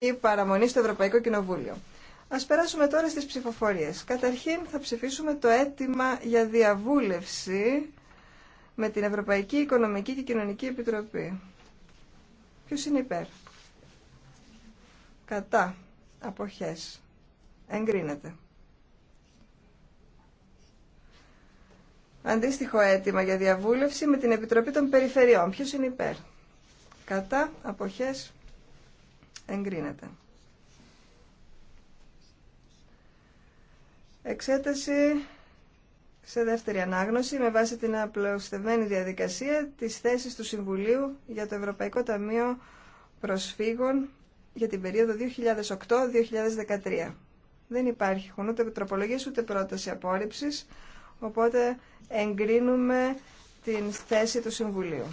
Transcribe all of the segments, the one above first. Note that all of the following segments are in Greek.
η παραμονή στο Ευρωπαϊκό Κοινοβούλιο. Ας περάσουμε τώρα στις ψηφοφορίε. Καταρχήν θα ψηφίσουμε το αίτημα για διαβούλευση με την Ευρωπαϊκή Οικονομική και Κοινωνική Επιτροπή. Ποιο είναι υπέρ. Κατά. Αποχές. Εγκρίνεται. Αντίστοιχο αίτημα για διαβούλευση με την Επιτροπή των Περιφερειών. Ποιος είναι υπέρ. Κατά. Αποχές. Εγκρίνεται. Εξέταση σε δεύτερη ανάγνωση με βάση την απλωστευμένη διαδικασία της θέσης του Συμβουλίου για το Ευρωπαϊκό Ταμείο Προσφύγων για την περίοδο 2008-2013. Δεν υπάρχουν ούτε τροπολογίες ούτε πρόταση απόρριψης, οπότε εγκρίνουμε την θέση του Συμβουλίου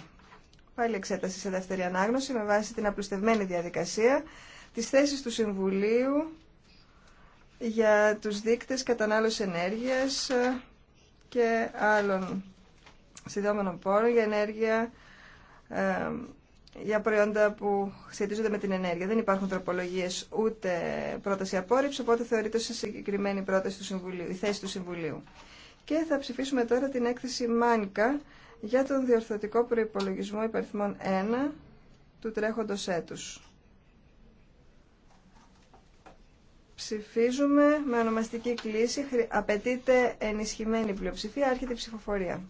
πάλι εξέταση σε δεύτερη ανάγνωση με βάση την απλουστευμένη διαδικασία της θέσης του Συμβουλίου για τους δείκτες κατανάλωση ενέργειας ε, και άλλων συνδεόμενων πόρων για ενέργεια ε, για προϊόντα που σχετίζονται με την ενέργεια. Δεν υπάρχουν τροπολογίε ούτε πρόταση απόρριψη, οπότε θεωρείται σε συγκεκριμένη πρόταση του Συμβουλίου, η θέση του Συμβουλίου. Και θα ψηφίσουμε τώρα την έκθεση Μάνικα για τον διορθωτικό προϋπολογισμό υπαριθμών 1 του τρέχοντος έτους. Ψηφίζουμε με ονομαστική κλίση. Απαιτείται ενισχυμένη πλειοψηφία. Άρχεται η ψηφοφορία.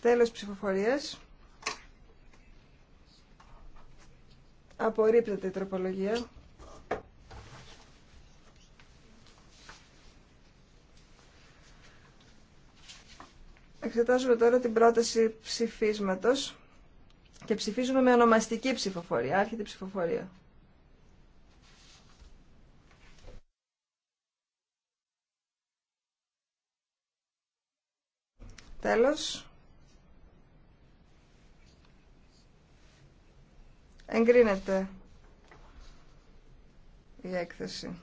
Τέλος ψηφοφορίας. Απορρίπτεται η τροπολογία. Εξετάζουμε τώρα την πρόταση ψηφίσματος και ψηφίζουμε με ονομαστική ψηφοφορία, η ψηφοφορία. Τέλος. Εγκρίνεται η έκθεση.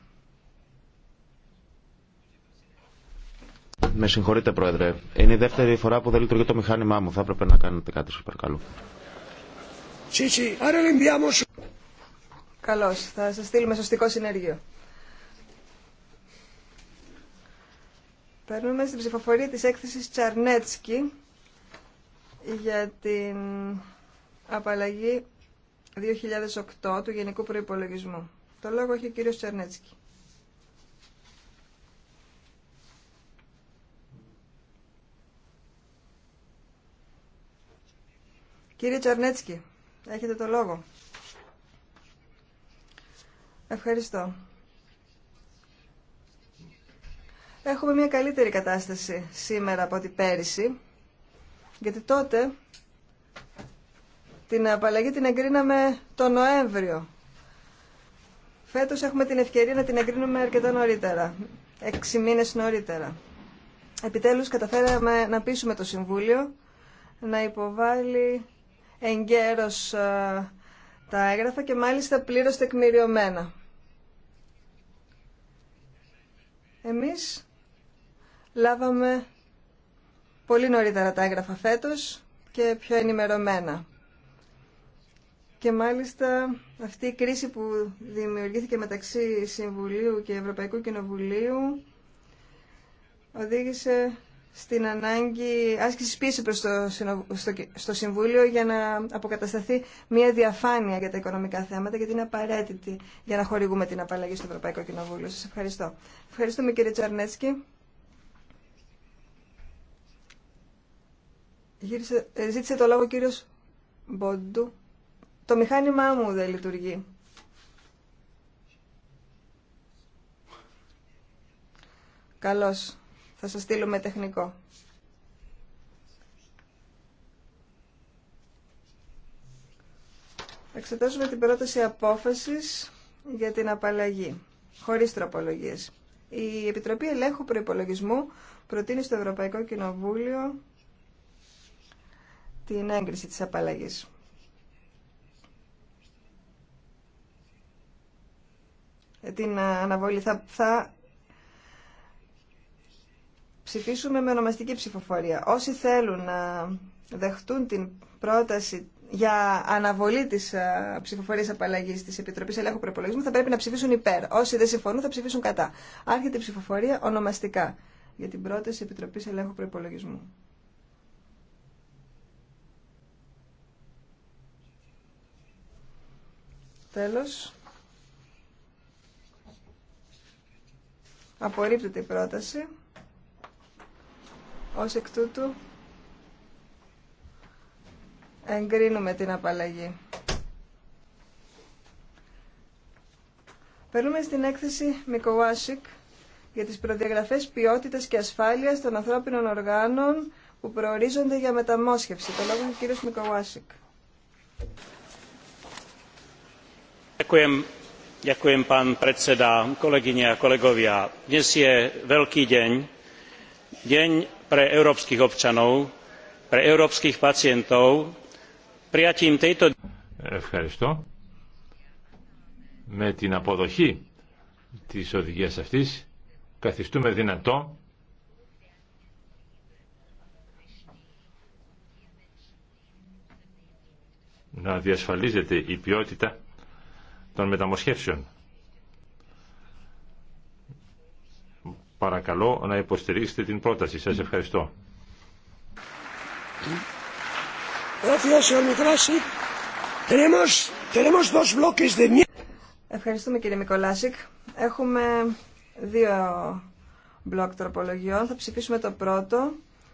με συγχωρείτε Πρόεδρε. Είναι η δεύτερη φορά που δεν λειτουργεί το μηχάνημά μου. Θα έπρεπε να κάνετε κάτι, σας παρακαλώ. Καλώς, θα σας στείλουμε σωστικό συνέργειο. Παίρνουμε στην ψηφοφορία της έκθεσης Τσαρνέτσκι για την απαλλαγή 2008 του Γενικού Προϋπολογισμού. Το λόγο έχει ο κύριος Τσαρνέτσκι. Κύριε Τσαρνέτσκι, έχετε το λόγο. Ευχαριστώ. Έχουμε μια καλύτερη κατάσταση σήμερα από την πέρυσι, γιατί τότε την απαλλαγή την εγκρίναμε το Νοέμβριο. Φέτος έχουμε την ευκαιρία να την εγκρίνουμε αρκετά νωρίτερα, έξι μήνες νωρίτερα. Επιτέλους καταφέραμε να πείσουμε το Συμβούλιο να υποβάλει εγκαίρως ε, τα έγγραφα και μάλιστα πλήρως τεκμηριωμένα. Εμείς λάβαμε πολύ νωρίτερα τα έγγραφα φέτος και πιο ενημερωμένα. Και μάλιστα αυτή η κρίση που δημιουργήθηκε μεταξύ Συμβουλίου και Ευρωπαϊκού Κοινοβουλίου οδήγησε στην ανάγκη άσκησης πίεση προς το, στο, Συμβούλιο για να αποκατασταθεί μια διαφάνεια για τα οικονομικά θέματα γιατί είναι απαραίτητη για να χορηγούμε την απαλλαγή στο Ευρωπαϊκό Κοινοβούλιο. Σας ευχαριστώ. Ευχαριστούμε κύριε Τσαρνέτσκι. Ε, ζήτησε το λόγο ο κύριος Μποντού. Το μηχάνημά μου δεν λειτουργεί. Καλώς. Θα σας στείλουμε τεχνικό. Εξετάζουμε την πρόταση απόφασης για την απαλλαγή, χωρίς τροπολογίες. Η Επιτροπή Ελέγχου Προϋπολογισμού προτείνει στο Ευρωπαϊκό Κοινοβούλιο την έγκριση της απαλλαγής. Ε, την αναβολή θα, θα ψηφίσουμε με ονομαστική ψηφοφορία. Όσοι θέλουν να δεχτούν την πρόταση για αναβολή της ε, ψηφοφορία απαλλαγή τη Επιτροπή Ελέγχου Προπολογισμού θα πρέπει να ψηφίσουν υπέρ. Όσοι δεν συμφωνούν θα ψηφίσουν κατά. Άρχεται η ψηφοφορία ονομαστικά για την πρόταση Επιτροπής Ελέγχου Προπολογισμού. Τέλος. Απορρίπτεται η πρόταση. Ως εκ τούτου εγκρίνουμε την απαλλαγή. Περνούμε στην έκθεση Μικοβάσικ για τις προδιαγραφές ποιότητας και ασφάλειας των ανθρώπινων οργάνων που προορίζονται για μεταμόσχευση. Το λόγο είναι ο κύριος Μικοβάσικ. Ďakujem, pán predseda, kolegyne a kolegovia. Dnes je veľký deň. Deň Ευχαριστώ. Με την αποδοχή της οδηγίας αυτής καθιστούμε δυνατό να διασφαλίζεται η ποιότητα των μεταμοσχεύσεων. Παρακαλώ να υποστηρίξετε την πρόταση. Σας ευχαριστώ. Ευχαριστούμε κύριε Μικολάσικ. Έχουμε δύο μπλοκ τροπολογιών. Θα ψηφίσουμε το πρώτο.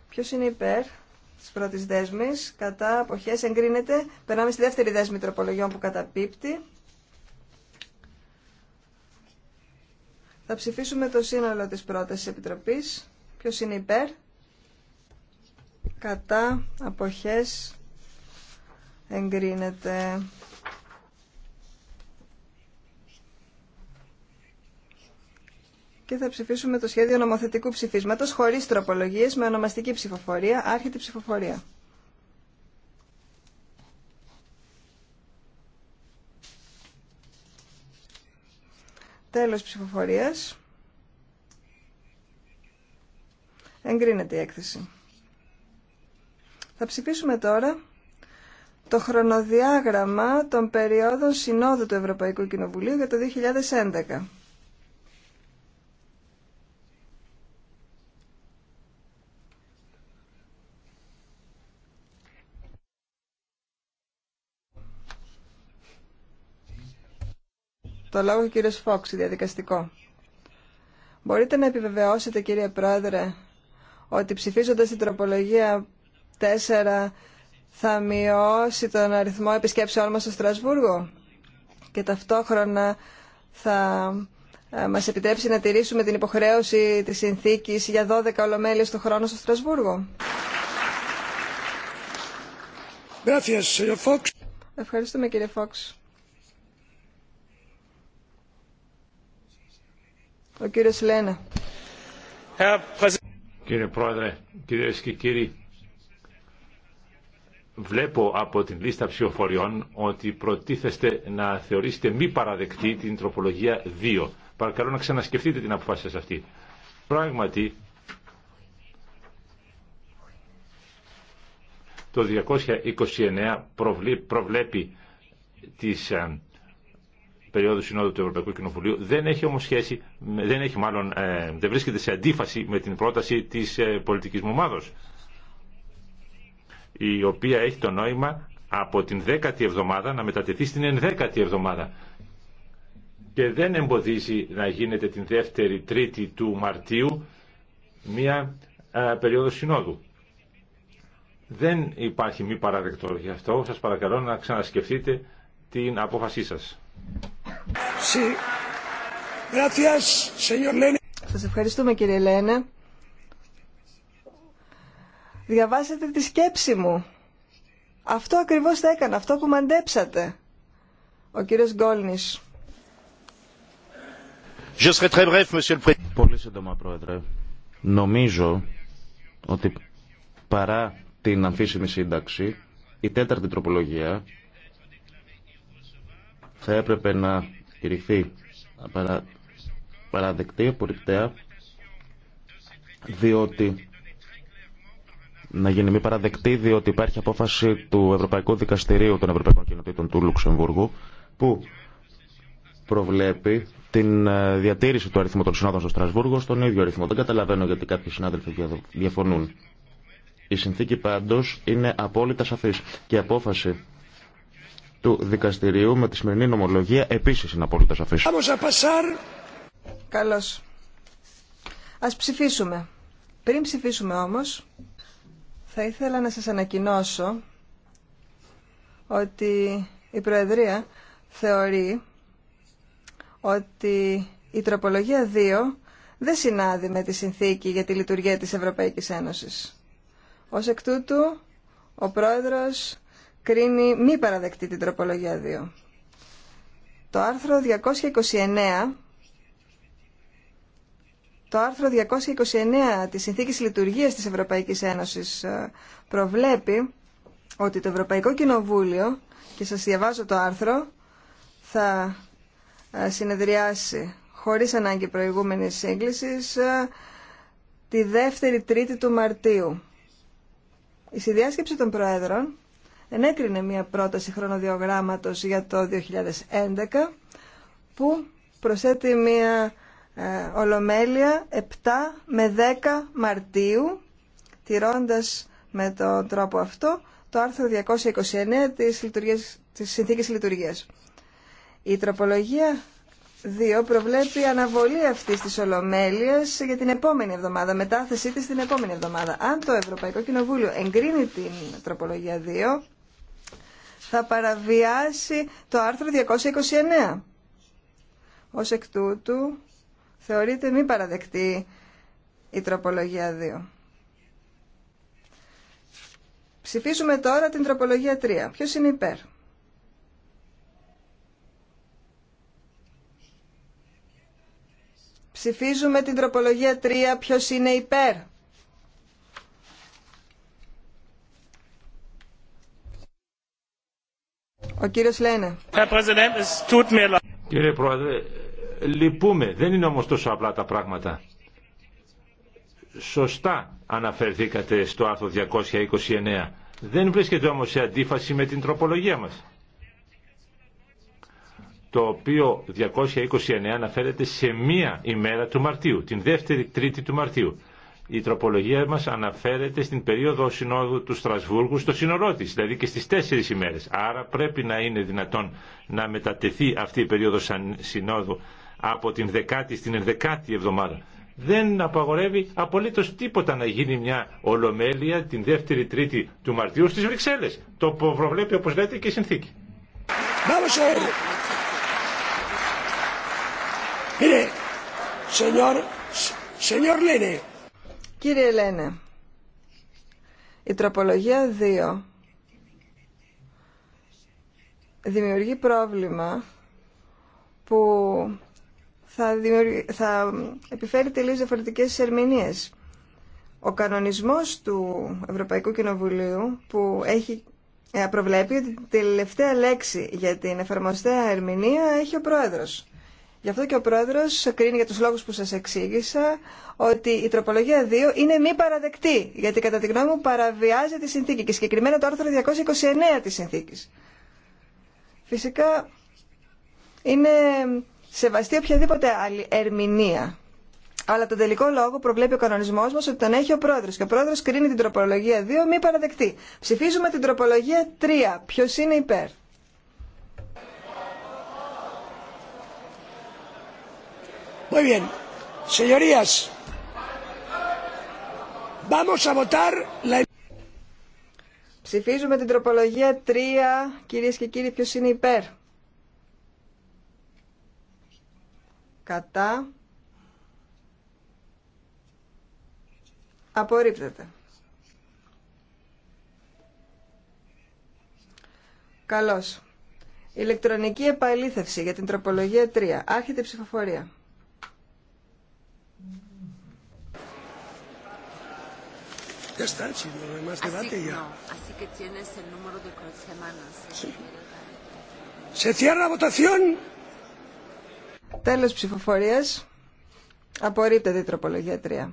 Ποιο είναι υπέρ τη πρώτη δέσμη Κατά αποχέ, εγκρίνεται. Περνάμε στη δεύτερη δέσμη τροπολογιών που καταπίπτει. Θα ψηφίσουμε το σύνολο της πρότασης επιτροπής. Ποιος είναι υπέρ, κατά, αποχές, εγκρίνεται. Και θα ψηφίσουμε το σχέδιο νομοθετικού ψηφίσματος χωρίς τροπολογίες με ονομαστική ψηφοφορία, άρχιτη ψηφοφορία. Τέλος ψηφοφορίας. Εγκρίνεται η έκθεση. Θα ψηφίσουμε τώρα το χρονοδιάγραμμα των περιόδων συνόδου του Ευρωπαϊκού Κοινοβουλίου για το 2011. Το λόγο ο κύριος Φόξ, διαδικαστικό. Μπορείτε να επιβεβαιώσετε κύριε Πρόεδρε ότι ψηφίζοντας την τροπολογία 4 θα μειώσει τον αριθμό επισκέψεών μας στο Στρασβούργο και ταυτόχρονα θα ε, μας επιτρέψει να τηρήσουμε την υποχρέωση της συνθήκης για 12 ολομέλειες το χρόνο στο Στρασβούργο. Ευχαριστούμε κύριε Φόξ. Κύριε Πρόεδρε, κυρίε και κύριοι, βλέπω από την λίστα ψηφοφοριών ότι προτίθεστε να θεωρήσετε μη παραδεκτή την τροπολογία 2. Παρακαλώ να ξανασκεφτείτε την αποφάση σας αυτή. Πράγματι, το 229 προβλέπει τις ε, περίοδου Συνόδου του Ευρωπαϊκού Κοινοβουλίου δεν έχει όμως σχέση, δεν έχει μάλλον, ε, δεν βρίσκεται σε αντίφαση με την πρόταση της ε, πολιτική μου ομάδο. η οποία έχει το νόημα από την 10η εβδομάδα να μετατεθεί στην 11η εβδομάδα και δεν εμποδίζει να γίνεται την δεύτερη τρίτη του Μαρτίου μία ε, περίοδο συνόδου. Δεν υπάρχει μη παραδεκτό γι' αυτό. Σας παρακαλώ να ξανασκεφτείτε την απόφασή σας. Σας ευχαριστούμε κύριε Λένε. Διαβάσετε τη σκέψη μου. Αυτό ακριβώς θα έκανα, αυτό που μαντέψατε. Ο κύριος Γκόλνης. Πολύ σύντομα, Πρόεδρε. Νομίζω ότι παρά την αμφίσιμη σύνταξη, η τέταρτη τροπολογία θα έπρεπε να κηρυχθεί παρα, παραδεκτή, απορριπταία, διότι να γίνει μη παραδεκτή διότι υπάρχει απόφαση του Ευρωπαϊκού Δικαστηρίου των Ευρωπαϊκών Κοινοτήτων του Λουξεμβούργου που προβλέπει την ε, διατήρηση του αριθμού των συνόδων στο Στρασβούργο στον ίδιο αριθμό. Δεν καταλαβαίνω γιατί κάποιοι συνάδελφοι διαφωνούν. Η συνθήκη πάντως είναι απόλυτα σαφής και η απόφαση του δικαστηρίου με τη σημερινή νομολογία επίσης είναι απόλυτα σαφής. Καλώς. Ας ψηφίσουμε. Πριν ψηφίσουμε όμως, θα ήθελα να σας ανακοινώσω ότι η Προεδρία θεωρεί ότι η τροπολογία 2 δεν συνάδει με τη συνθήκη για τη λειτουργία της Ευρωπαϊκής Ένωσης. Ως εκ τούτου, ο Πρόεδρος κρίνει μη παραδεκτή την τροπολογία 2. Το άρθρο 229 το άρθρο 229 της Συνθήκης Λειτουργίας της Ευρωπαϊκής Ένωσης ε, προβλέπει ότι το Ευρωπαϊκό Κοινοβούλιο, και σας διαβάζω το άρθρο, θα ε, συνεδριάσει χωρίς ανάγκη προηγούμενης σύγκλησης ε, τη δεύτερη τρίτη του Μαρτίου. Η συνδιάσκεψη των Προέδρων ενέκρινε μία πρόταση χρονοδιογράμματος για το 2011 που προσθέτει μία ε, ολομέλεια 7 με 10 Μαρτίου τηρώντας με τον τρόπο αυτό το άρθρο 229 της, λειτουργίας, της Συνθήκης Λειτουργίας. Η τροπολογία 2 προβλέπει αναβολή αυτής της ολομέλειας για την επόμενη εβδομάδα, μετάθεσή της την επόμενη εβδομάδα. Αν το Ευρωπαϊκό Κοινοβούλιο εγκρίνει την τροπολογία 2, θα παραβιάσει το άρθρο 229. Ως εκ τούτου θεωρείται μη παραδεκτή η τροπολογία 2. Ψηφίζουμε τώρα την τροπολογία 3. Ποιος είναι υπέρ. Ψηφίζουμε την τροπολογία 3. Ποιος είναι υπέρ. Κύριε Πρόεδρε, λυπούμε. Δεν είναι όμως τόσο απλά τα πράγματα. Σωστά αναφερθήκατε στο άρθρο 229. Δεν βρίσκεται όμως σε αντίφαση με την τροπολογία μας. Το οποίο 229 αναφέρεται σε μία ημέρα του Μαρτίου, την δεύτερη τρίτη του Μαρτίου η τροπολογία μας αναφέρεται στην περίοδο συνόδου του Στρασβούργου στο σύνολό της, δηλαδή και στις τέσσερις ημέρες. Άρα πρέπει να είναι δυνατόν να μετατεθεί αυτή η περίοδος συνόδου από την δεκάτη στην ενδεκάτη εβδομάδα. Δεν απαγορεύει απολύτως τίποτα να γίνει μια ολομέλεια την δεύτερη τρίτη του Μαρτίου στις Βρυξέλλες. Το προβλέπει όπως λέτε και η συνθήκη. Κύριε Ελένε, η τροπολογία 2 δημιουργεί πρόβλημα που θα, θα επιφέρει τελείως διαφορετικές ερμηνείες. Ο κανονισμός του Ευρωπαϊκού Κοινοβουλίου που έχει ε, προβλέπει ότι τη τελευταία λέξη για την εφαρμοστέα ερμηνεία έχει ο Πρόεδρος. Γι' αυτό και ο πρόεδρο κρίνει για του λόγου που σα εξήγησα ότι η τροπολογία 2 είναι μη παραδεκτή, γιατί κατά τη γνώμη μου παραβιάζει τη συνθήκη και συγκεκριμένα το άρθρο 229 τη συνθήκη. Φυσικά είναι σεβαστή οποιαδήποτε άλλη ερμηνεία. Αλλά τον τελικό λόγο προβλέπει ο κανονισμό μα ότι τον έχει ο πρόεδρο. Και ο πρόεδρο κρίνει την τροπολογία 2 μη παραδεκτή. Ψηφίζουμε την τροπολογία 3. Ποιο είναι υπέρ. Muy bien. Señorías, vamos a votar la... Ψηφίζουμε την τροπολογία 3. κύριε και κύριοι, ποιο είναι υπέρ. Κατά. Απορρίπτεται. Καλώς. Ηλεκτρονική επαλήθευση για την τροπολογία 3. Άρχεται η ψηφοφορία. Ya está, si eh. Τέλος ψηφοφορίας. Απορρίπτεται η τροπολογία 3.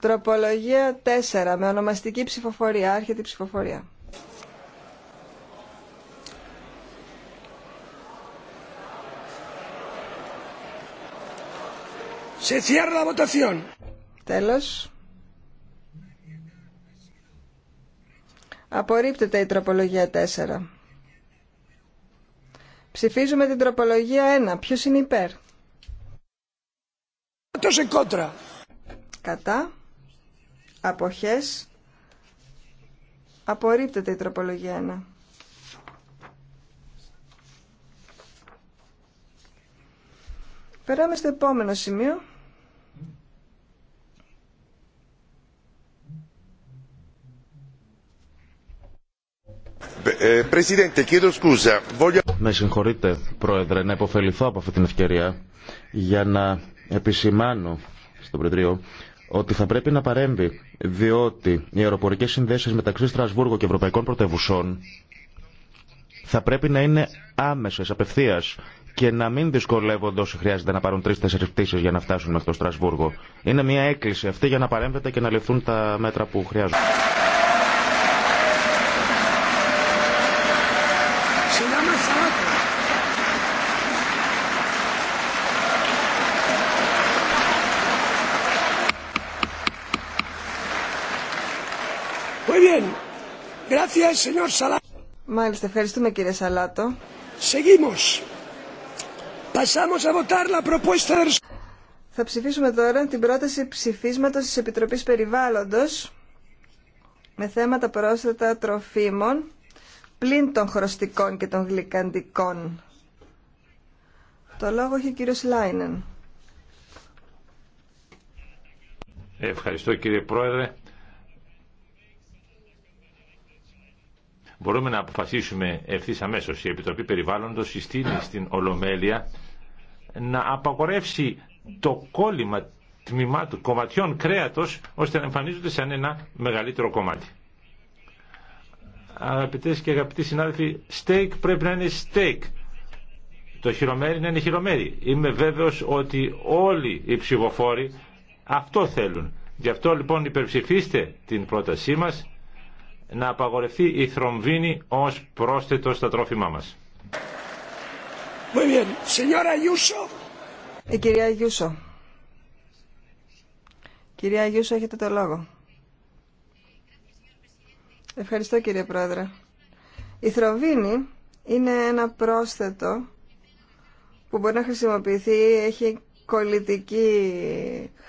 Τροπολογία 4 με ονομαστική ψηφοφορία. Άρχεται η ψηφοφορία. Se Τέλος. Απορρίπτεται η τροπολογία 4. Ψηφίζουμε την τροπολογία 1. Ποιος είναι υπέρ. Τόσο κόντρα. Κατά. Αποχές. Απορρίπτεται η τροπολογία 1. Περάμε στο επόμενο σημείο. Ε, Με συγχωρείτε, Πρόεδρε, να υποφεληθώ από αυτή την ευκαιρία για να επισημάνω στον Προεδρείο ότι θα πρέπει να παρέμβει, διότι οι αεροπορικές συνδέσεις μεταξύ Στρασβούργου και Ευρωπαϊκών Πρωτεύουσών θα πρέπει να είναι άμεσες, απευθείας και να μην δυσκολεύονται όσοι χρειάζεται να πάρουν τρει-τέσσερι πτήσει για να φτάσουν μέχρι το Στρασβούργο. Είναι μια έκκληση αυτή για να παρέμβετε και να ληφθούν τα μέτρα που χρειάζονται. Μάλιστα, ευχαριστούμε κύριε Σαλάτο. Seguimos. Pasamos a Θα ψηφίσουμε τώρα την πρόταση ψηφίσματος της Επιτροπής Περιβάλλοντος με θέματα πρόσθετα τροφίμων πλην των χρωστικών και των γλυκαντικών. Το λόγο έχει ο κύριος Λάινεν. Ευχαριστώ κύριε Πρόεδρε. μπορούμε να αποφασίσουμε ευθύ αμέσω. Η Επιτροπή Περιβάλλοντος συστήνει στην Ολομέλεια να απαγορεύσει το κόλλημα τμήματων, κομματιών κρέατος ώστε να εμφανίζονται σαν ένα μεγαλύτερο κομμάτι. Αγαπητέ και αγαπητοί συνάδελφοι, steak πρέπει να είναι steak. Το χειρομέρι να είναι χειρομέρι. Είμαι βέβαιος ότι όλοι οι ψηφοφόροι αυτό θέλουν. Γι' αυτό λοιπόν υπερψηφίστε την πρότασή μας να απαγορευτεί η θρομβίνη ως πρόσθετο στα τρόφιμά μας. Muy Η ε, κυρία Γιούσο. Κυρία Γιούσο, έχετε το λόγο. Ευχαριστώ κύριε Πρόεδρε. Η θρομβίνη είναι ένα πρόσθετο που μπορεί να χρησιμοποιηθεί, έχει κολλητική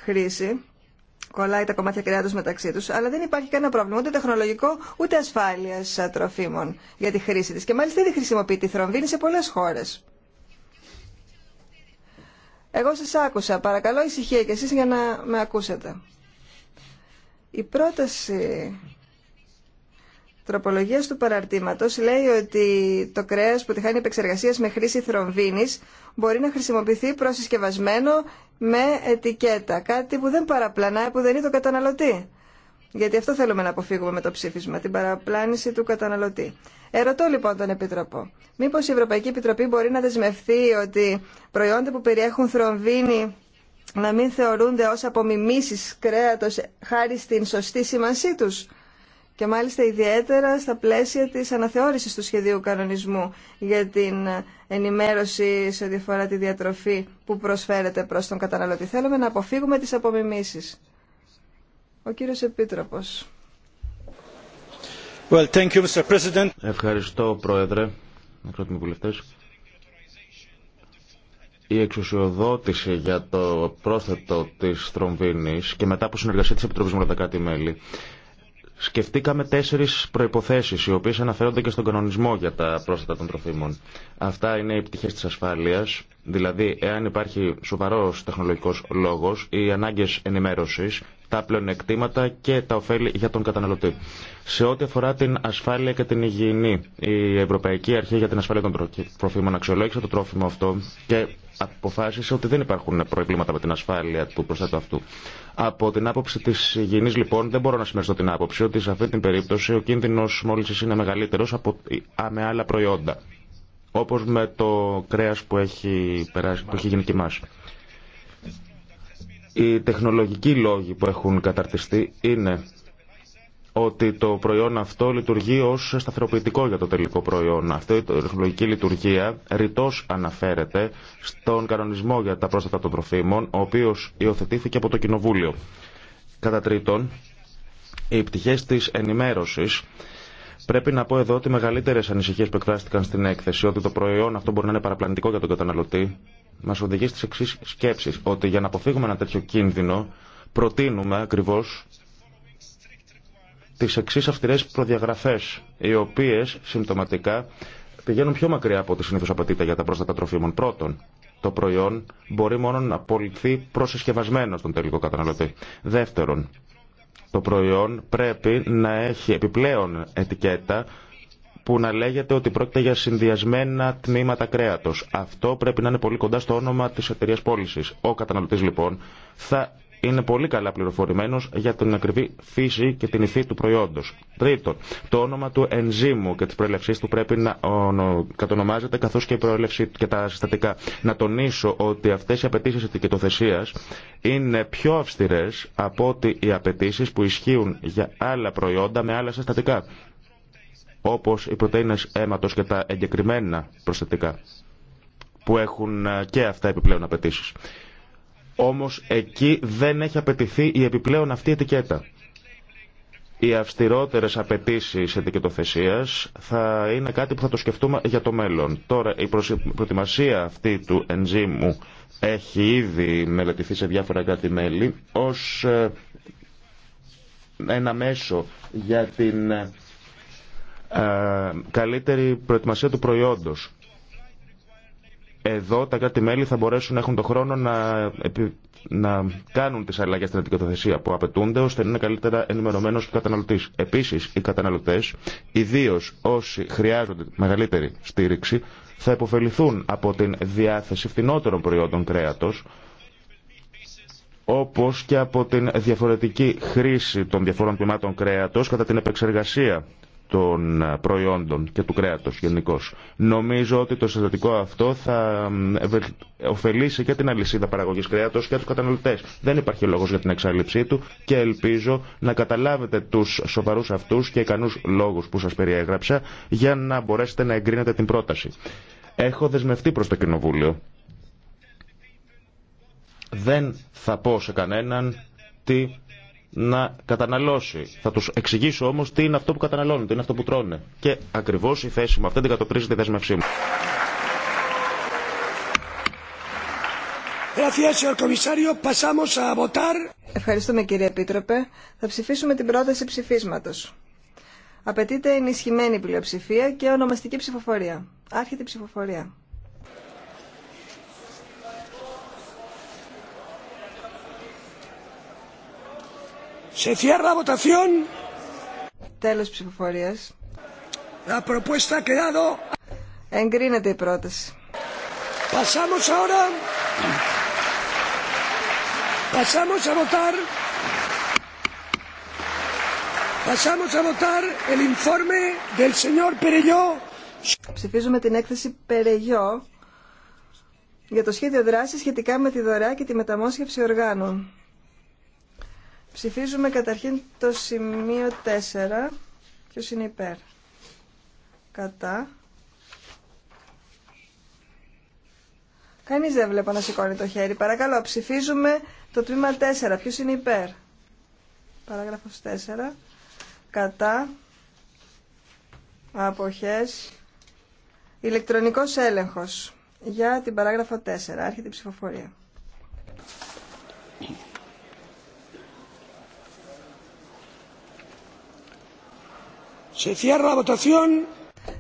χρήση κολλάει τα κομμάτια κρέατος μεταξύ τους, αλλά δεν υπάρχει κανένα πρόβλημα ούτε τεχνολογικό ούτε ασφάλειας τροφίμων για τη χρήση της. Και μάλιστα τη χρησιμοποιεί τη θρομβίνη σε πολλές χώρες. Εγώ σας άκουσα, παρακαλώ ησυχία και εσείς για να με ακούσετε. Η πρόταση τροπολογία του παραρτήματο λέει ότι το κρέα που τη χάνει επεξεργασία με χρήση θρομβίνη μπορεί να χρησιμοποιηθεί προσυσκευασμένο με ετικέτα. Κάτι που δεν παραπλανάει, που δεν είναι το καταναλωτή. Γιατί αυτό θέλουμε να αποφύγουμε με το ψήφισμα, την παραπλάνηση του καταναλωτή. Ερωτώ λοιπόν τον Επίτροπο. Μήπω η Ευρωπαϊκή Επιτροπή μπορεί να δεσμευθεί ότι προϊόντα που περιέχουν θρομβίνη να μην θεωρούνται ως απομιμήσεις κρέατος χάρη στην σωστή σήμανσή τους και μάλιστα ιδιαίτερα στα πλαίσια της αναθεώρησης του σχεδίου κανονισμού για την ενημέρωση σε ό,τι αφορά τη διατροφή που προσφέρεται προς τον καταναλωτή. Θέλουμε να αποφύγουμε τις απομιμήσεις. Ο κύριος Επίτροπος. Well, thank you, Mr. President. Ευχαριστώ, Πρόεδρε. Ευχαριστώ, βουλευτές. Η εξουσιοδότηση για το πρόσθετο της Τρομβίνης και μετά από συνεργασία της Επιτροπής με μέλη Σκεφτήκαμε τέσσερις προποθέσει, οι οποίες αναφέρονται και στον κανονισμό για τα πρόσθετα των τροφίμων. Αυτά είναι οι πτυχές της ασφάλειας, δηλαδή εάν υπάρχει σοβαρός τεχνολογικός λόγος, ή ανάγκε ενημέρωσης, τα πλεονεκτήματα και τα ωφέλη για τον καταναλωτή. Σε ό,τι αφορά την ασφάλεια και την υγιεινή, η Ευρωπαϊκή Αρχή για την Ασφάλεια των Τροφίμων αξιολόγησε το τρόφιμο αυτό και αποφάσισε ότι δεν υπάρχουν προβλήματα με την ασφάλεια του προσθέτου αυτού. Από την άποψη τη υγιεινή, λοιπόν, δεν μπορώ να συμμεριστώ την άποψη ότι σε αυτή την περίπτωση ο κίνδυνο μόλι είναι μεγαλύτερο από με άλλα προϊόντα. Όπω με το κρέα που, έχει περάσει, που έχει γίνει και εμάς οι τεχνολογικοί λόγοι που έχουν καταρτιστεί είναι ότι το προϊόν αυτό λειτουργεί ως σταθεροποιητικό για το τελικό προϊόν. Αυτή η τεχνολογική λειτουργία ρητός αναφέρεται στον κανονισμό για τα πρόσθετα των τροφίμων, ο οποίος υιοθετήθηκε από το Κοινοβούλιο. Κατά τρίτον, οι πτυχές της ενημέρωσης Πρέπει να πω εδώ ότι μεγαλύτερε ανησυχίε που εκφράστηκαν στην έκθεση, ότι το προϊόν αυτό μπορεί να είναι παραπλανητικό για τον καταναλωτή, Μα οδηγεί στι εξή σκέψεις, ότι για να αποφύγουμε ένα τέτοιο κίνδυνο προτείνουμε ακριβώ τις εξή αυστηρέ προδιαγραφές, οι οποίες συμπτωματικά πηγαίνουν πιο μακριά από ό,τι συνήθως απαιτείται για τα πρόσθετα τροφίμων. Πρώτον, το προϊόν μπορεί μόνο να απολυθεί προσυσκευασμένο στον τελικό καταναλωτή. Δεύτερον, το προϊόν πρέπει να έχει επιπλέον ετικέτα που να λέγεται ότι πρόκειται για συνδυασμένα τμήματα κρέατος. Αυτό πρέπει να είναι πολύ κοντά στο όνομα τη εταιρεία πώληση. Ο καταναλωτή λοιπόν θα είναι πολύ καλά πληροφορημένο για την ακριβή φύση και την υφή του προϊόντο. Τρίτον, το όνομα του ενζήμου και τη προέλευσή του πρέπει να κατονομάζεται καθώ και η προέλευση και τα συστατικά. Να τονίσω ότι αυτέ οι απαιτήσει ετικετοθεσία είναι πιο αυστηρέ από ότι οι απαιτήσει που ισχύουν για άλλα προϊόντα με άλλα συστατικά όπως οι πρωτεΐνες αίματος και τα εγκεκριμένα προσθετικά, που έχουν ε, και αυτά επιπλέον απαιτήσει. Όμως εκεί δεν έχει απαιτηθεί η επιπλέον αυτή ετικέτα. Οι αυστηρότερες απαιτήσει ετικετοθεσίας θα είναι κάτι που θα το σκεφτούμε για το μέλλον. Τώρα η προετοιμασία αυτή του ενζήμου έχει ήδη μελετηθεί σε διάφορα κάτι μέλη ως ε, ένα μέσο για την ε, ε, καλύτερη προετοιμασία του προϊόντος. Εδώ τα κράτη-μέλη θα μπορέσουν να έχουν το χρόνο να, να κάνουν τις αλλαγές στην αντικαταθεσία που απαιτούνται ώστε να είναι καλύτερα ενημερωμένος ο καταναλωτής. Επίσης, οι καταναλωτές, ιδίως όσοι χρειάζονται μεγαλύτερη στήριξη, θα υποφεληθούν από την διάθεση φθηνότερων προϊόντων κρέατος, όπως και από την διαφορετική χρήση των διαφόρων τμήματων κρέατος κατά την επεξεργασία των ε, προϊόντων και του κρέατος γενικώ. Νομίζω ότι το συστατικό αυτό θα ωφελήσει και την αλυσίδα παραγωγής κρέατος και τους καταναλωτές. Δεν υπάρχει λόγος για την εξάλληψή του και ελπίζω να καταλάβετε τους σοβαρούς αυτούς και ικανούς λόγους που σας περιέγραψα για να μπορέσετε να εγκρίνετε την πρόταση. Έχω δεσμευτεί προς το Κοινοβούλιο. Δεν θα πω σε κανέναν τι να καταναλώσει. Θα του εξηγήσω όμω τι είναι αυτό που καταναλώνουν, τι είναι αυτό που τρώνε. Και ακριβώ η θέση μου αυτή την κατοπτρίζει τη δέσμευσή μου. Ευχαριστούμε κύριε Επίτροπε. Θα ψηφίσουμε την πρόταση ψηφίσματο. Απαιτείται ενισχυμένη πλειοψηφία και ονομαστική ψηφοφορία. Άρχεται η ψηφοφορία. Se cierra Τέλος ψηφοφορίας. Εγκρίνεται η πρόταση. Ψηφίζουμε την έκθεση Περεγιό για το σχέδιο δράσης σχετικά με τη δωρεά και τη μεταμόσχευση οργάνων. Ψηφίζουμε καταρχήν το σημείο 4. Ποιος είναι υπέρ. Κατά. Κανείς δεν βλέπω να σηκώνει το χέρι. Παρακαλώ, ψηφίζουμε το τμήμα 4. Ποιος είναι υπέρ. Παράγραφος 4. Κατά. Αποχές. Ηλεκτρονικός έλεγχος. Για την παράγραφο 4. Άρχεται η ψηφοφορία. Σε cierra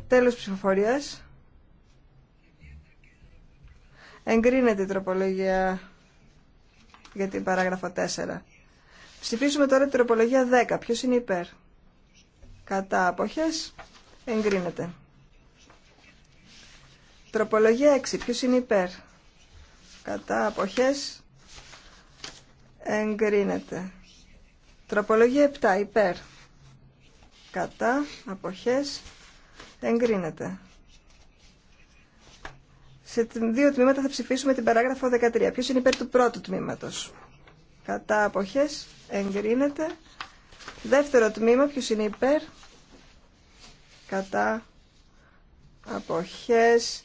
Τέλος ψηφοφορίας. Εγκρίνεται η τροπολογία για την παράγραφο 4. Ψηφίσουμε τώρα την τροπολογία 10. Ποιος είναι υπέρ. Κατά αποχές. Εγκρίνεται. Τροπολογία 6. Ποιος είναι υπέρ. Κατά αποχές. Εγκρίνεται. Τροπολογία 7. Υπέρ κατά, αποχές, εγκρίνεται. Σε δύο τμήματα θα ψηφίσουμε την παράγραφο 13. Ποιος είναι υπέρ του πρώτου τμήματος. Κατά αποχές εγκρίνεται. Δεύτερο τμήμα, ποιος είναι υπέρ. Κατά αποχές.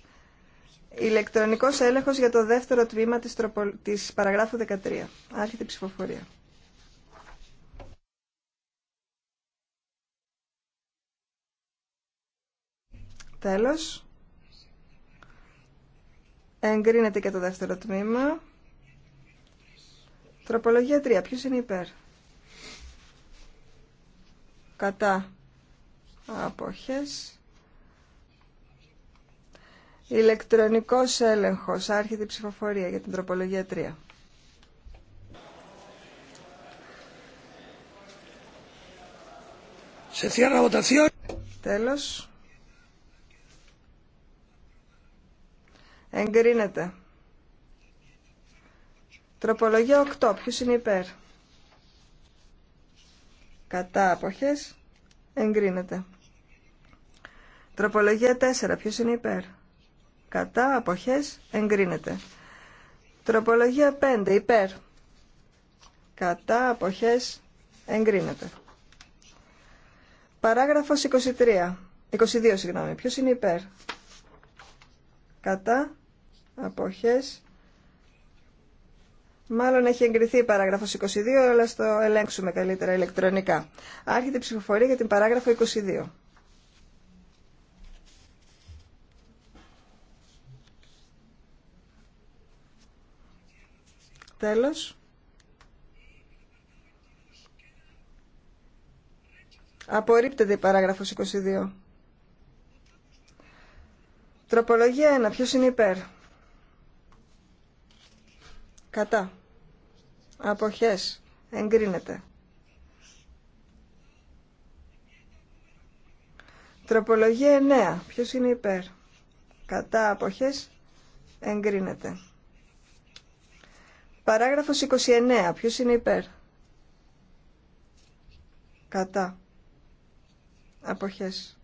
Ηλεκτρονικός έλεγχος για το δεύτερο τμήμα της, της παραγράφου 13. Άρχεται η ψηφοφορία. Τέλος. Εγκρίνεται και το δεύτερο τμήμα. Τροπολογία 3. Ποιος είναι υπέρ. Κατά. Αποχές. Ηλεκτρονικός έλεγχος. Άρχεται η ψηφοφορία για την τροπολογία 3. Σε Τέλος. Εγκρίνεται. Τροπολογία 8. Ποιος είναι υπέρ. Κατά αποχές. Εγκρίνεται. Τροπολογία 4. Ποιος είναι υπέρ. Κατά αποχές. Εγκρίνεται. Τροπολογία 5. Υπέρ. Κατά αποχές. Εγκρίνεται. Παράγραφος 23. 22, συγγνώμη. Ποιος είναι υπέρ. Κατά αποχές. Μάλλον έχει εγκριθεί η παράγραφος 22, αλλά στο ελέγξουμε καλύτερα ηλεκτρονικά. Άρχεται η ψηφοφορία για την παράγραφο 22. Τέλος. Απορρίπτεται η παράγραφος 22. Τροπολογία 1. Ποιος είναι υπέρ. Κατά. Αποχές. Εγκρίνεται. Τροπολογία 9. Ποιος είναι υπέρ. Κατά αποχές. Εγκρίνεται. Παράγραφος 29. Ποιος είναι υπέρ. Κατά. Αποχές.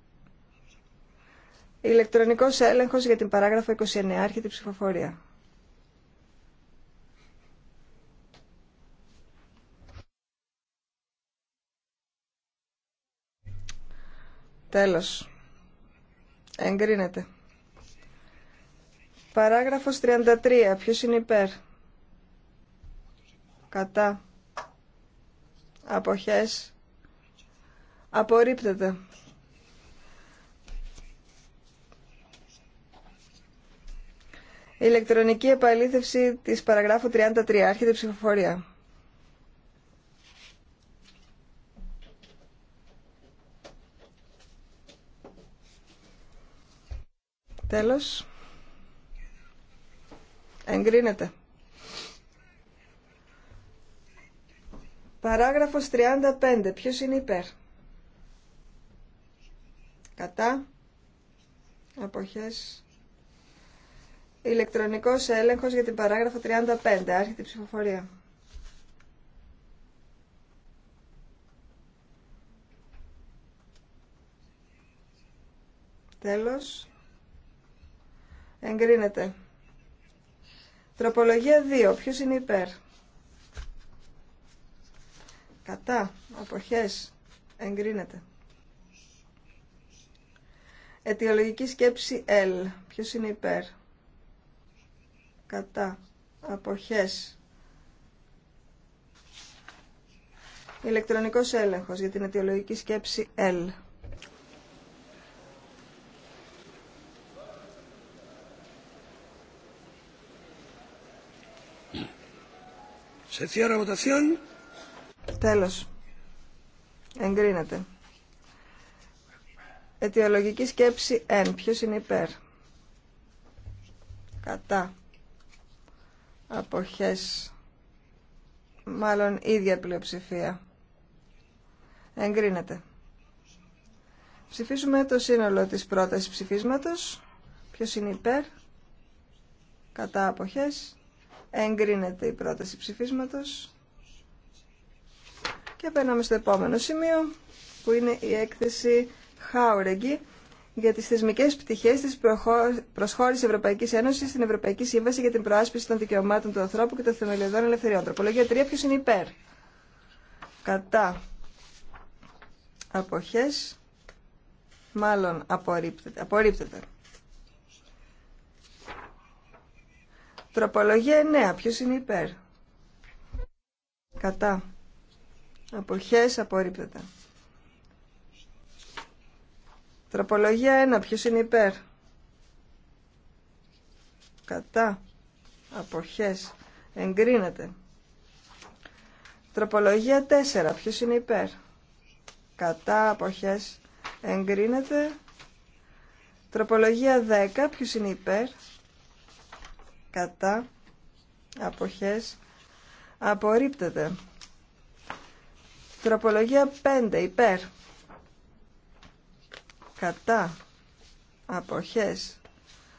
Ηλεκτρονικός έλεγχος για την παράγραφο 29. Άρχεται η ψηφοφορία. Τέλος. Εγκρίνεται. Παράγραφος 33. Ποιος είναι υπέρ. Κατά. Αποχές. Απορρίπτεται. Ηλεκτρονική επαλήθευση της παραγράφου 33. Άρχεται ψηφοφορία. Τέλος. Εγκρίνεται. Παράγραφος 35. Ποιος είναι υπέρ. Κατά. Αποχές. Ηλεκτρονικός έλεγχος για την παράγραφο 35. Άρχεται η ψηφοφορία. Τέλος. Εγκρίνεται. Τροπολογία 2. Ποιος είναι υπέρ. Κατά. Αποχές. Εγκρίνεται. Αιτιολογική σκέψη L. Ποιος είναι υπέρ. Κατά. Αποχές. Ηλεκτρονικός έλεγχος για την αιτιολογική σκέψη L. Σε Τέλος. Εγκρίνεται. Αιτιολογική σκέψη εν Ποιος είναι υπέρ. Κατά. Αποχές. Μάλλον ίδια πλειοψηφία. Εγκρίνεται. Ψηφίσουμε το σύνολο της πρότασης ψηφίσματος. Ποιος είναι υπέρ. Κατά αποχές. Εγκρίνεται η πρόταση ψηφίσματος. Και περνάμε στο επόμενο σημείο που είναι η έκθεση Χάουρεγγι για τις θεσμικές πτυχές της προσχώρησης Ευρωπαϊκής Ένωσης στην Ευρωπαϊκή Σύμβαση για την προάσπιση των δικαιωμάτων του ανθρώπου και των θεμελιωδών ελευθεριών. Τροπολογία 3. Ποιος είναι υπέρ. Κατά. Αποχές. Μάλλον απορρίπτεται. απορρίπτεται. Τροπολογία 9. Ποιος είναι υπέρ. Κατά. Αποχές απορρίπτεται. Τροπολογία 1. Ποιος είναι υπέρ. Κατά. Αποχές. Εγκρίνεται. Τροπολογία 4. Ποιος είναι υπέρ. Κατά. Αποχές. Εγκρίνεται. Τροπολογία 10. Ποιος είναι υπέρ κατά αποχές απορρίπτεται τροπολογία 5 υπέρ κατά αποχές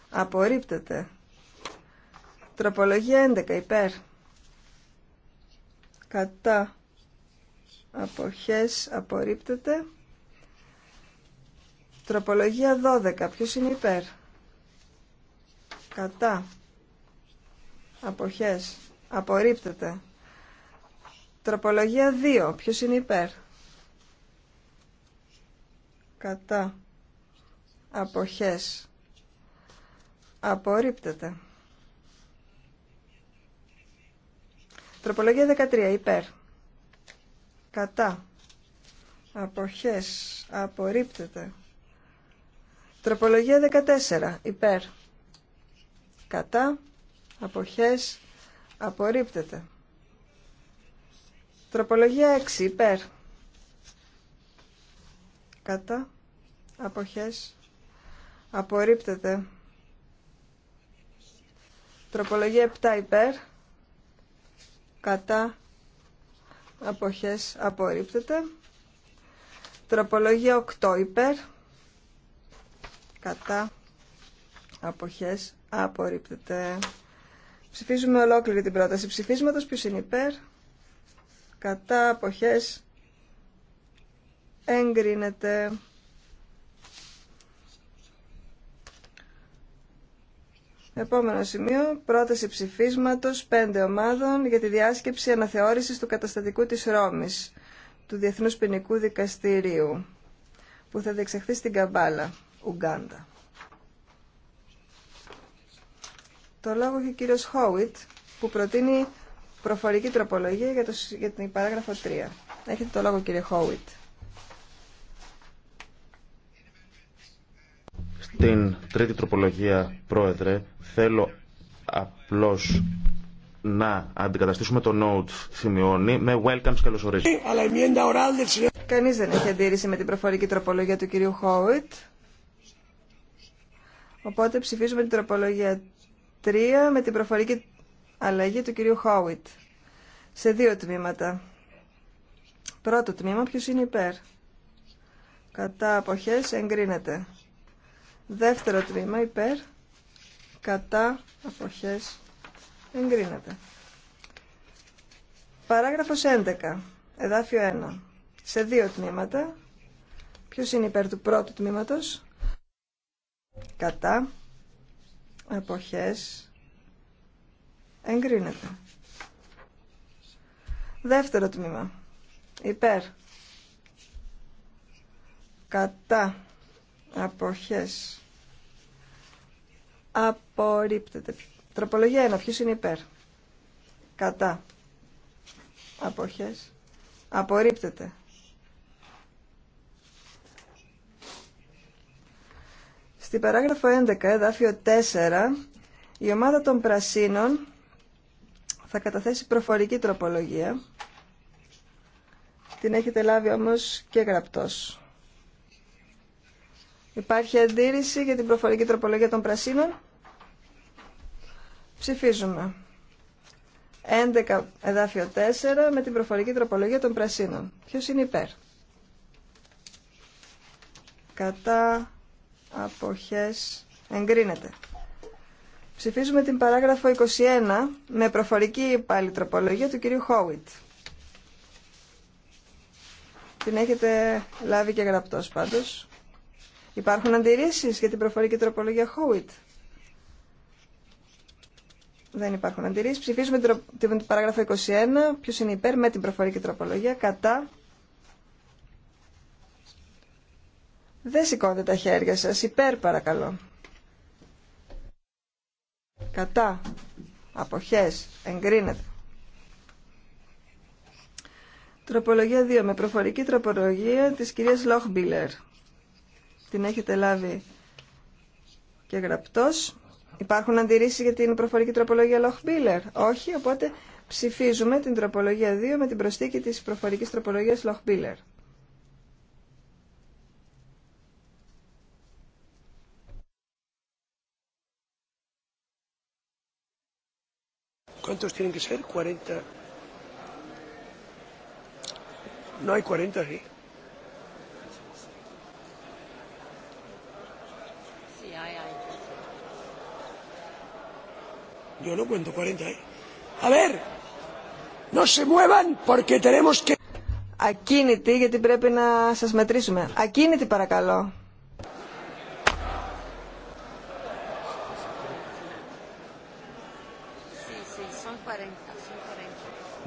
απορρίπτεται τροπολογία 11 υπέρ κατά αποχές απορρίπτεται τροπολογία 12 ποιος είναι υπέρ κατά Αποχές. Απορρίπτεται. Τροπολογία 2. Ποιος είναι υπέρ. Κατά. Αποχές. Απορρίπτεται. Τροπολογία 13. Υπέρ. Κατά. Αποχές. Απορρίπτεται. Τροπολογία 14. Υπέρ. Κατά. Αποχές απορρίπτεται. Τροπολογία 6 υπέρ. Κατά. Αποχές απορρίπτεται. Τροπολογία 7 υπέρ. Κατά. Αποχές απορρίπτεται. Τροπολογία 8 υπέρ. Κατά. Αποχές απορρίπτεται. Ψηφίζουμε ολόκληρη την πρόταση ψηφίσματος. Ποιος είναι υπέρ. Κατά αποχές εγκρίνεται. Επόμενο σημείο, πρόταση ψηφίσματος πέντε ομάδων για τη διάσκεψη αναθεώρησης του καταστατικού της Ρώμης, του Διεθνούς Ποινικού Δικαστηρίου, που θα διεξαχθεί στην Καμπάλα, Ουγκάντα. Το λόγο έχει ο κύριος Χόουιτ που προτείνει προφορική τροπολογία για, το, για την παράγραφο 3. Έχετε το λόγο κύριε Χόουιτ. Στην τρίτη τροπολογία, Πρόεδρε, θέλω απλώς να αντικαταστήσουμε το note σημειώνει με welcome καλωσορίζει. Κανεί δεν έχει αντίρρηση με την προφορική τροπολογία του κυρίου Χόουιτ. Οπότε ψηφίζουμε την τροπολογία Τρία με την προφορική αλλαγή του κυρίου Χόουιτ. Σε δύο τμήματα. Πρώτο τμήμα, ποιος είναι υπέρ. Κατά αποχές εγκρίνεται. Δεύτερο τμήμα, υπέρ. Κατά αποχές εγκρίνεται. Παράγραφος 11, εδάφιο 1. Σε δύο τμήματα. Ποιος είναι υπέρ του πρώτου τμήματος. Κατά Εποχές, Εγκρίνεται. Δεύτερο τμήμα. Υπέρ. Κατά. Αποχές. Απορρίπτεται. Τροπολογία 1. Ποιος είναι υπέρ. Κατά. Αποχές. Απορρίπτεται. Στην παράγραφο 11, εδάφιο 4, η ομάδα των πρασίνων θα καταθέσει προφορική τροπολογία. Την έχετε λάβει όμως και γραπτός. Υπάρχει αντίρρηση για την προφορική τροπολογία των πρασίνων. Ψηφίζουμε. 11 εδάφιο 4 με την προφορική τροπολογία των πρασίνων. Ποιος είναι υπέρ. Κατά αποχές εγκρίνεται. Ψηφίζουμε την παράγραφο 21 με προφορική πάλι τροπολογία του κυρίου Χόουιτ. Την έχετε λάβει και γραπτός πάντως. Υπάρχουν αντιρρήσεις για την προφορική τροπολογία Χόουιτ. Δεν υπάρχουν αντιρρήσεις. Ψηφίζουμε την παράγραφο 21. Ποιος είναι υπέρ με την προφορική τροπολογία. Κατά Δεν σηκώνετε τα χέρια σας. Υπέρ παρακαλώ. Κατά. Αποχές. Εγκρίνεται. Τροπολογία 2 με προφορική τροπολογία της κυρίας Λόχμπιλερ. Την έχετε λάβει και γραπτός. Υπάρχουν αντιρρήσεις για την προφορική τροπολογία Λόχμπιλερ. Όχι, οπότε ψηφίζουμε την τροπολογία 2 με την προσθήκη της προφορικής τροπολογίας Λόχμπιλερ. ¿Cuántos tienen que ser? 40. No hay 40, sí. Sí, hay, hay. Yo no cuento 40, ¿eh? A ver, no se muevan porque tenemos que... Ακίνητη, γιατί πρέπει να σας μετρήσουμε. Ακίνητη παρακαλώ.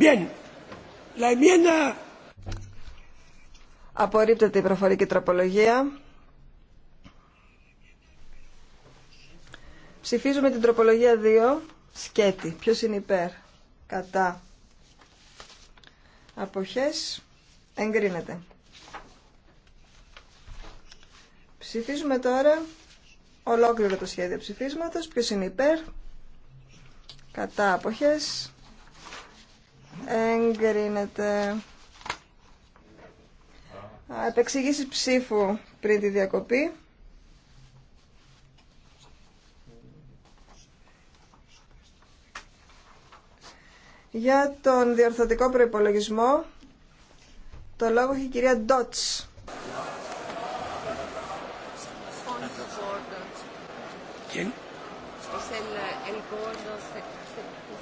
Bien. La Απορρίπτεται η προφορική τροπολογία. Ψηφίζουμε την τροπολογία 2. Σκέτη. Ποιο είναι υπέρ. Κατά. Αποχές. Εγκρίνεται. Ψηφίζουμε τώρα ολόκληρο το σχέδιο ψηφίσματος. Ποιος είναι υπέρ. Κατά αποχές. Εγκρίνεται. Επεξηγήσεις ψήφου πριν τη διακοπή. Για τον διορθωτικό προϋπολογισμό, το λόγο έχει η κυρία Ντότς.